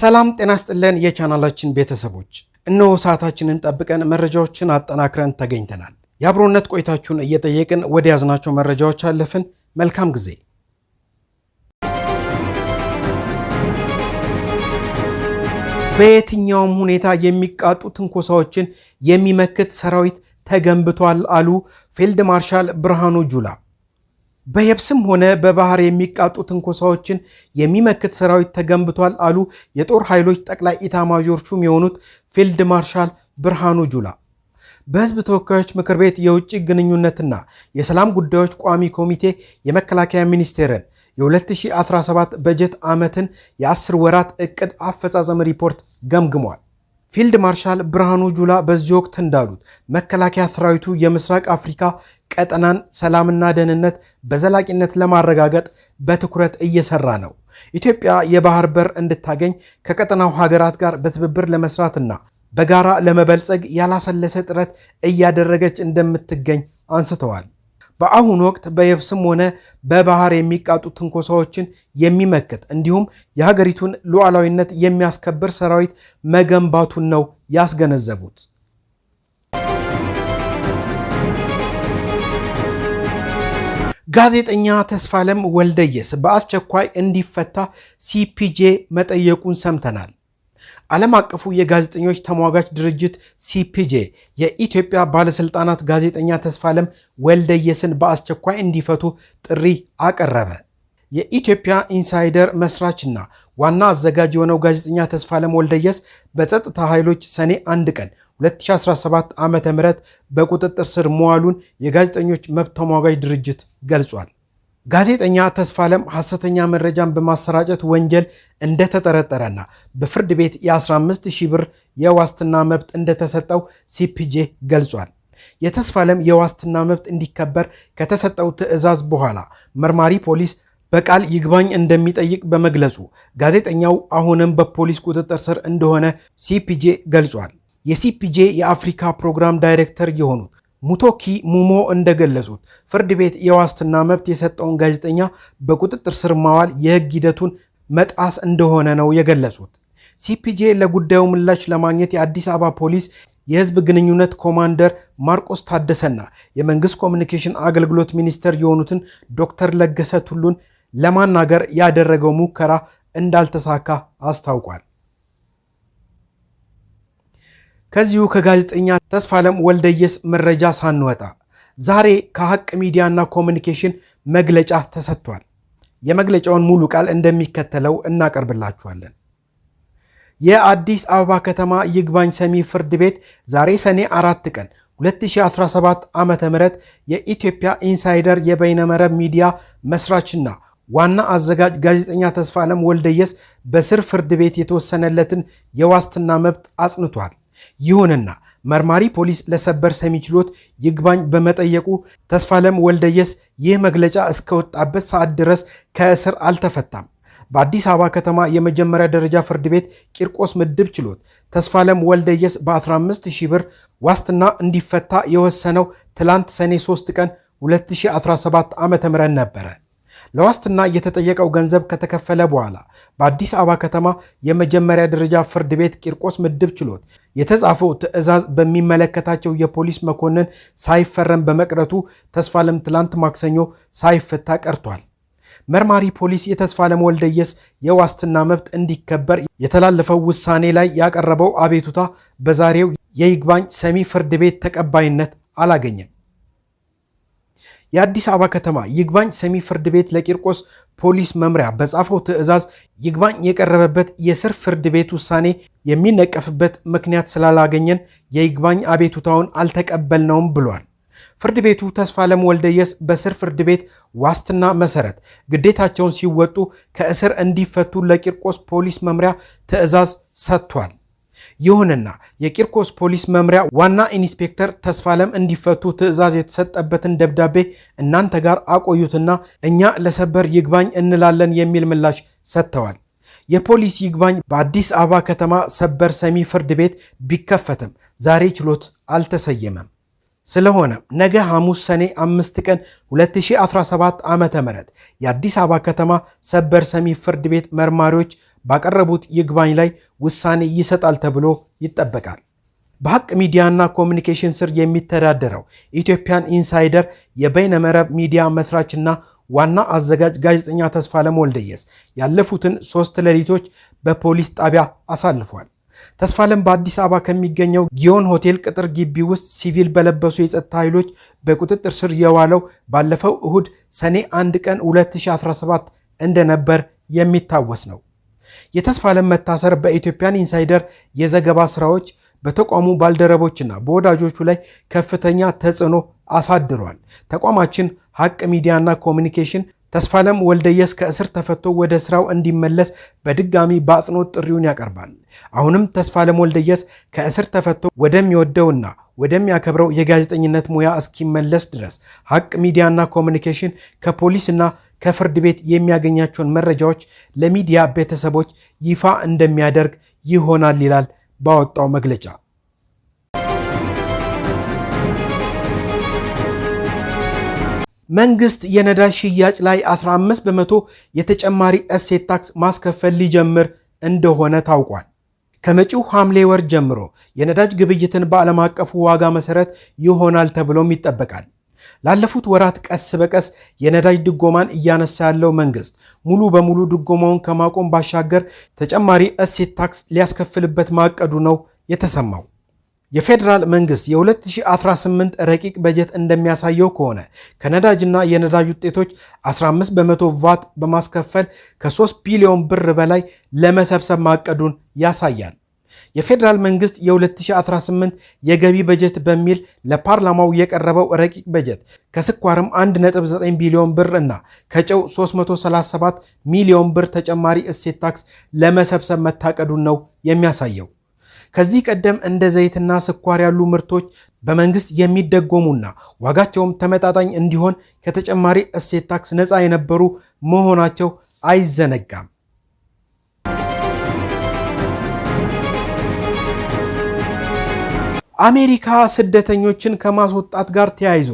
ሰላም ጤና ስጥልን የቻናላችን ቤተሰቦች፣ እነሆ ሰዓታችንን ጠብቀን መረጃዎችን አጠናክረን ተገኝተናል። የአብሮነት ቆይታችሁን እየጠየቅን ወደ ያዝናቸው መረጃዎች አለፍን። መልካም ጊዜ። በየትኛውም ሁኔታ የሚቃጡ ትንኮሳዎችን የሚመክት ሰራዊት ተገንብቷል አሉ ፊልድ ማርሻል ብርሃኑ ጁላ። በየብስም ሆነ በባህር የሚቃጡ ትንኮሳዎችን የሚመክት ሰራዊት ተገንብቷል አሉ የጦር ኃይሎች ጠቅላይ ኢታማዦር ሹም የሆኑት ፊልድ ማርሻል ብርሃኑ ጁላ። በህዝብ ተወካዮች ምክር ቤት የውጭ ግንኙነትና የሰላም ጉዳዮች ቋሚ ኮሚቴ የመከላከያ ሚኒስቴርን የ2017 በጀት ዓመትን የ10 ወራት እቅድ አፈጻጸም ሪፖርት ገምግሟል። ፊልድ ማርሻል ብርሃኑ ጁላ በዚህ ወቅት እንዳሉት መከላከያ ሰራዊቱ የምስራቅ አፍሪካ ቀጠናን ሰላምና ደህንነት በዘላቂነት ለማረጋገጥ በትኩረት እየሰራ ነው። ኢትዮጵያ የባህር በር እንድታገኝ ከቀጠናው ሀገራት ጋር በትብብር ለመስራትና በጋራ ለመበልጸግ ያላሰለሰ ጥረት እያደረገች እንደምትገኝ አንስተዋል። በአሁኑ ወቅት በየብስም ሆነ በባህር የሚቃጡ ትንኮሳዎችን የሚመክት እንዲሁም የሀገሪቱን ሉዓላዊነት የሚያስከብር ሰራዊት መገንባቱን ነው ያስገነዘቡት። ጋዜጠኛ ተስፋለም ወልደየስ በአስቸኳይ እንዲፈታ ሲፒጄ መጠየቁን ሰምተናል። ዓለም አቀፉ የጋዜጠኞች ተሟጋች ድርጅት ሲፒጄ የኢትዮጵያ ባለሥልጣናት ጋዜጠኛ ተስፋለም ወልደየስን በአስቸኳይ እንዲፈቱ ጥሪ አቀረበ። የኢትዮጵያ ኢንሳይደር መስራችና ዋና አዘጋጅ የሆነው ጋዜጠኛ ተስፋለም ወልደየስ በጸጥታ ኃይሎች ሰኔ 1 ቀን 2017 ዓ.ም በቁጥጥር ስር መዋሉን የጋዜጠኞች መብት ተሟጋች ድርጅት ገልጿል። ጋዜጠኛ ተስፋ ተስፋለም ሐሰተኛ መረጃን በማሰራጨት ወንጀል እንደተጠረጠረና በፍርድ ቤት የ15 ሺ ብር የዋስትና መብት እንደተሰጠው ሲፒጄ ገልጿል። የተስፋለም የዋስትና መብት እንዲከበር ከተሰጠው ትዕዛዝ በኋላ መርማሪ ፖሊስ በቃል ይግባኝ እንደሚጠይቅ በመግለጹ ጋዜጠኛው አሁንም በፖሊስ ቁጥጥር ስር እንደሆነ ሲፒጄ ገልጿል። የሲፒጄ የአፍሪካ ፕሮግራም ዳይሬክተር የሆኑት ሙቶኪ ሙሞ እንደገለጹት ፍርድ ቤት የዋስትና መብት የሰጠውን ጋዜጠኛ በቁጥጥር ስር ማዋል የህግ ሂደቱን መጣስ እንደሆነ ነው የገለጹት። ሲፒጄ ለጉዳዩ ምላሽ ለማግኘት የአዲስ አበባ ፖሊስ የህዝብ ግንኙነት ኮማንደር ማርቆስ ታደሰና የመንግስት ኮሚኒኬሽን አገልግሎት ሚኒስተር የሆኑትን ዶክተር ለገሰ ቱሉን ለማናገር ያደረገው ሙከራ እንዳልተሳካ አስታውቋል። ከዚሁ ከጋዜጠኛ ተስፋለም ወልደየስ መረጃ ሳንወጣ ዛሬ ከሀቅ ሚዲያና ኮሚኒኬሽን መግለጫ ተሰጥቷል። የመግለጫውን ሙሉ ቃል እንደሚከተለው እናቀርብላችኋለን። የአዲስ አበባ ከተማ ይግባኝ ሰሚ ፍርድ ቤት ዛሬ ሰኔ አራት ቀን 2017 ዓ ም የኢትዮጵያ ኢንሳይደር የበይነመረብ ሚዲያ መስራችና ዋና አዘጋጅ ጋዜጠኛ ተስፋለም ወልደየስ በስር ፍርድ ቤት የተወሰነለትን የዋስትና መብት አጽንቷል። ይሁንና መርማሪ ፖሊስ ለሰበር ሰሚ ችሎት ይግባኝ በመጠየቁ ተስፋለም ወልደየስ ይህ መግለጫ እስከወጣበት ሰዓት ድረስ ከእስር አልተፈታም። በአዲስ አበባ ከተማ የመጀመሪያ ደረጃ ፍርድ ቤት ቂርቆስ ምድብ ችሎት ተስፋለም ወልደየስ በ15 ሺህ ብር ዋስትና እንዲፈታ የወሰነው ትላንት ሰኔ 3 ቀን 2017 ዓ.ም ነበረ። ለዋስትና የተጠየቀው ገንዘብ ከተከፈለ በኋላ በአዲስ አበባ ከተማ የመጀመሪያ ደረጃ ፍርድ ቤት ቂርቆስ ምድብ ችሎት የተጻፈው ትዕዛዝ በሚመለከታቸው የፖሊስ መኮንን ሳይፈረም በመቅረቱ ተስፋለም ትላንት ማክሰኞ ሳይፈታ ቀርቷል። መርማሪ ፖሊስ የተስፋለም ወልደየስ የዋስትና መብት እንዲከበር የተላለፈው ውሳኔ ላይ ያቀረበው አቤቱታ በዛሬው የይግባኝ ሰሚ ፍርድ ቤት ተቀባይነት አላገኘም። የአዲስ አበባ ከተማ ይግባኝ ሰሚ ፍርድ ቤት ለቂርቆስ ፖሊስ መምሪያ በጻፈው ትዕዛዝ ይግባኝ የቀረበበት የስር ፍርድ ቤት ውሳኔ የሚነቀፍበት ምክንያት ስላላገኘን የይግባኝ አቤቱታውን አልተቀበልነውም ብሏል። ፍርድ ቤቱ ተስፋለም ወልደየስ በስር ፍርድ ቤት ዋስትና መሰረት ግዴታቸውን ሲወጡ ከእስር እንዲፈቱ ለቂርቆስ ፖሊስ መምሪያ ትዕዛዝ ሰጥቷል። ይሁንና የቂርቆስ ፖሊስ መምሪያ ዋና ኢንስፔክተር ተስፋለም እንዲፈቱ ትዕዛዝ የተሰጠበትን ደብዳቤ እናንተ ጋር አቆዩትና እኛ ለሰበር ይግባኝ እንላለን የሚል ምላሽ ሰጥተዋል። የፖሊስ ይግባኝ በአዲስ አበባ ከተማ ሰበር ሰሚ ፍርድ ቤት ቢከፈትም ዛሬ ችሎት አልተሰየመም። ስለሆነ ነገ ሐሙስ ሰኔ 5 ቀን 2017 ዓ ም የአዲስ አበባ ከተማ ሰበር ሰሚ ፍርድ ቤት መርማሪዎች ባቀረቡት ይግባኝ ላይ ውሳኔ ይሰጣል ተብሎ ይጠበቃል። በሐቅ ሚዲያና ኮሚኒኬሽን ስር የሚተዳደረው ኢትዮጵያን ኢንሳይደር የበይነመረብ ሚዲያ መስራችና ዋና አዘጋጅ ጋዜጠኛ ተስፋለም ወልደየስ ያለፉትን ሶስት ሌሊቶች በፖሊስ ጣቢያ አሳልፏል። ተስፋለም በአዲስ አበባ ከሚገኘው ጊዮን ሆቴል ቅጥር ግቢ ውስጥ ሲቪል በለበሱ የጸጥታ ኃይሎች በቁጥጥር ስር የዋለው ባለፈው እሁድ ሰኔ 1 ቀን 2017 እንደነበር የሚታወስ ነው። የተስፋለም መታሰር በኢትዮጵያን ኢንሳይደር የዘገባ ስራዎች በተቋሙ ባልደረቦችና በወዳጆቹ ላይ ከፍተኛ ተጽዕኖ አሳድሯል። ተቋማችን ሀቅ ሚዲያና ኮሚኒኬሽን ተስፋለም ወልደየስ ከእስር ተፈቶ ወደ ስራው እንዲመለስ በድጋሚ በአጽንኦት ጥሪውን ያቀርባል። አሁንም ተስፋለም ወልደየስ ከእስር ተፈቶ ወደሚወደውና ወደሚያከብረው የጋዜጠኝነት ሙያ እስኪመለስ ድረስ ሀቅ ሚዲያና ኮሚኒኬሽን ከፖሊስና ከፍርድ ቤት የሚያገኛቸውን መረጃዎች ለሚዲያ ቤተሰቦች ይፋ እንደሚያደርግ ይሆናል ይላል ባወጣው መግለጫ። መንግስት የነዳጅ ሽያጭ ላይ 15 በመቶ የተጨማሪ እሴት ታክስ ማስከፈል ሊጀምር እንደሆነ ታውቋል። ከመጪው ሐምሌ ወር ጀምሮ የነዳጅ ግብይትን በዓለም አቀፉ ዋጋ መሰረት ይሆናል ተብሎም ይጠበቃል። ላለፉት ወራት ቀስ በቀስ የነዳጅ ድጎማን እያነሳ ያለው መንግስት ሙሉ በሙሉ ድጎማውን ከማቆም ባሻገር ተጨማሪ እሴት ታክስ ሊያስከፍልበት ማቀዱ ነው የተሰማው። የፌዴራል መንግስት የ2018 ረቂቅ በጀት እንደሚያሳየው ከሆነ ከነዳጅና የነዳጅ ውጤቶች 15 በመቶ ቫት በማስከፈል ከ3 ቢሊዮን ብር በላይ ለመሰብሰብ ማቀዱን ያሳያል። የፌዴራል መንግስት የ2018 የገቢ በጀት በሚል ለፓርላማው የቀረበው ረቂቅ በጀት ከስኳርም 1.9 ቢሊዮን ብር እና ከጨው 337 ሚሊዮን ብር ተጨማሪ እሴት ታክስ ለመሰብሰብ መታቀዱን ነው የሚያሳየው። ከዚህ ቀደም እንደ ዘይትና ስኳር ያሉ ምርቶች በመንግስት የሚደጎሙና ዋጋቸውም ተመጣጣኝ እንዲሆን ከተጨማሪ እሴት ታክስ ነፃ የነበሩ መሆናቸው አይዘነጋም። አሜሪካ ስደተኞችን ከማስወጣት ጋር ተያይዞ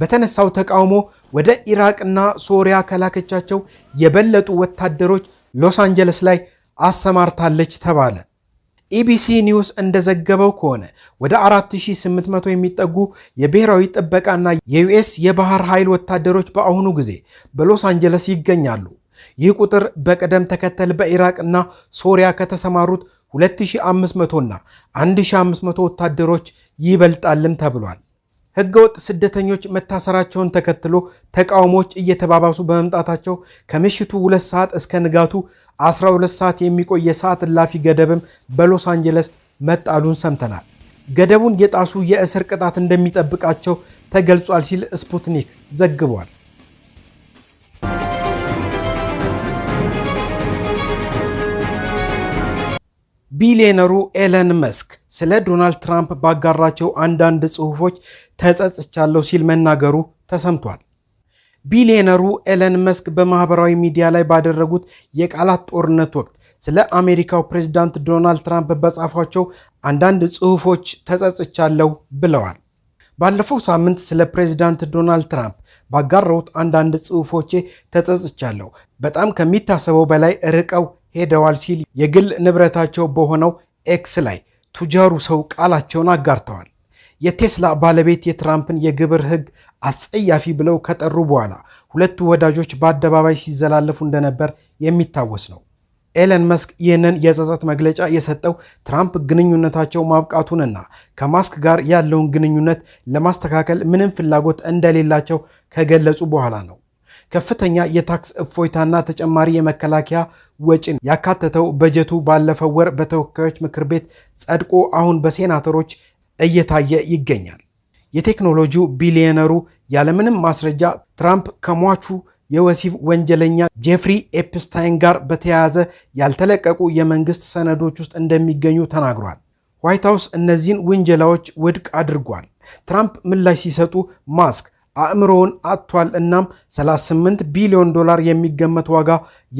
በተነሳው ተቃውሞ ወደ ኢራቅና ሶሪያ ከላከቻቸው የበለጡ ወታደሮች ሎስ አንጀለስ ላይ አሰማርታለች ተባለ። ኢቢሲ ኒውስ እንደዘገበው ከሆነ ወደ 4800 የሚጠጉ የብሔራዊ ጥበቃና የዩኤስ የባህር ኃይል ወታደሮች በአሁኑ ጊዜ በሎስ አንጀለስ ይገኛሉ። ይህ ቁጥር በቅደም ተከተል በኢራቅ እና ሶሪያ ከተሰማሩት 2500 እና 1500 ወታደሮች ይበልጣልም ተብሏል። ህገወጥ ስደተኞች መታሰራቸውን ተከትሎ ተቃውሞዎች እየተባባሱ በመምጣታቸው ከምሽቱ ሁለት ሰዓት እስከ ንጋቱ 12 ሰዓት የሚቆይ የሰዓት እላፊ ገደብም በሎስ አንጀለስ መጣሉን ሰምተናል። ገደቡን የጣሱ የእስር ቅጣት እንደሚጠብቃቸው ተገልጿል ሲል ስፑትኒክ ዘግቧል። ቢሊዮነሩ ኤለን መስክ ስለ ዶናልድ ትራምፕ ባጋራቸው አንዳንድ ጽሑፎች ተጸጽቻለሁ ሲል መናገሩ ተሰምቷል። ቢሊዮነሩ ኤለን መስክ በማህበራዊ ሚዲያ ላይ ባደረጉት የቃላት ጦርነት ወቅት ስለ አሜሪካው ፕሬዚዳንት ዶናልድ ትራምፕ በጻፏቸው አንዳንድ ጽሑፎች ተጸጽቻለሁ ብለዋል። ባለፈው ሳምንት ስለ ፕሬዚዳንት ዶናልድ ትራምፕ ባጋራውት አንዳንድ ጽሑፎቼ ተጸጽቻለሁ። በጣም ከሚታሰበው በላይ ርቀው ሄደዋል ሲል የግል ንብረታቸው በሆነው ኤክስ ላይ ቱጃሩ ሰው ቃላቸውን አጋርተዋል። የቴስላ ባለቤት የትራምፕን የግብር ሕግ አጸያፊ ብለው ከጠሩ በኋላ ሁለቱ ወዳጆች በአደባባይ ሲዘላለፉ እንደነበር የሚታወስ ነው። ኤለን መስክ ይህንን የጸጸት መግለጫ የሰጠው ትራምፕ ግንኙነታቸው ማብቃቱንና ከማስክ ጋር ያለውን ግንኙነት ለማስተካከል ምንም ፍላጎት እንደሌላቸው ከገለጹ በኋላ ነው። ከፍተኛ የታክስ እፎይታና ተጨማሪ የመከላከያ ወጪን ያካተተው በጀቱ ባለፈው ወር በተወካዮች ምክር ቤት ጸድቆ አሁን በሴናተሮች እየታየ ይገኛል። የቴክኖሎጂው ቢሊዮነሩ ያለምንም ማስረጃ ትራምፕ ከሟቹ የወሲብ ወንጀለኛ ጄፍሪ ኤፕስታይን ጋር በተያያዘ ያልተለቀቁ የመንግስት ሰነዶች ውስጥ እንደሚገኙ ተናግሯል። ዋይት ሀውስ እነዚህን ውንጀላዎች ውድቅ አድርጓል። ትራምፕ ምላሽ ሲሰጡ ማስክ አእምሮውን አጥቷል። እናም 38 ቢሊዮን ዶላር የሚገመት ዋጋ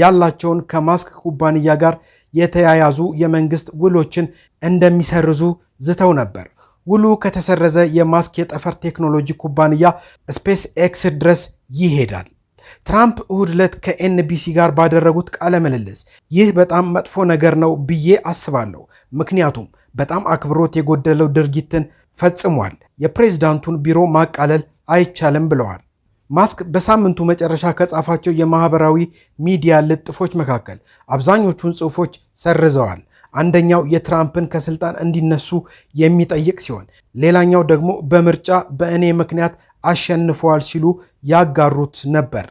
ያላቸውን ከማስክ ኩባንያ ጋር የተያያዙ የመንግስት ውሎችን እንደሚሰርዙ ዝተው ነበር። ውሉ ከተሰረዘ የማስክ የጠፈር ቴክኖሎጂ ኩባንያ ስፔስ ኤክስ ድረስ ይሄዳል። ትራምፕ እሁድ ዕለት ከኤንቢሲ ጋር ባደረጉት ቃለ ምልልስ ይህ በጣም መጥፎ ነገር ነው ብዬ አስባለሁ፣ ምክንያቱም በጣም አክብሮት የጎደለው ድርጊትን ፈጽሟል። የፕሬዝዳንቱን ቢሮ ማቃለል አይቻልም ብለዋል። ማስክ በሳምንቱ መጨረሻ ከጻፋቸው የማህበራዊ ሚዲያ ልጥፎች መካከል አብዛኞቹን ጽሑፎች ሰርዘዋል። አንደኛው የትራምፕን ከስልጣን እንዲነሱ የሚጠይቅ ሲሆን፣ ሌላኛው ደግሞ በምርጫ በእኔ ምክንያት አሸንፈዋል ሲሉ ያጋሩት ነበር።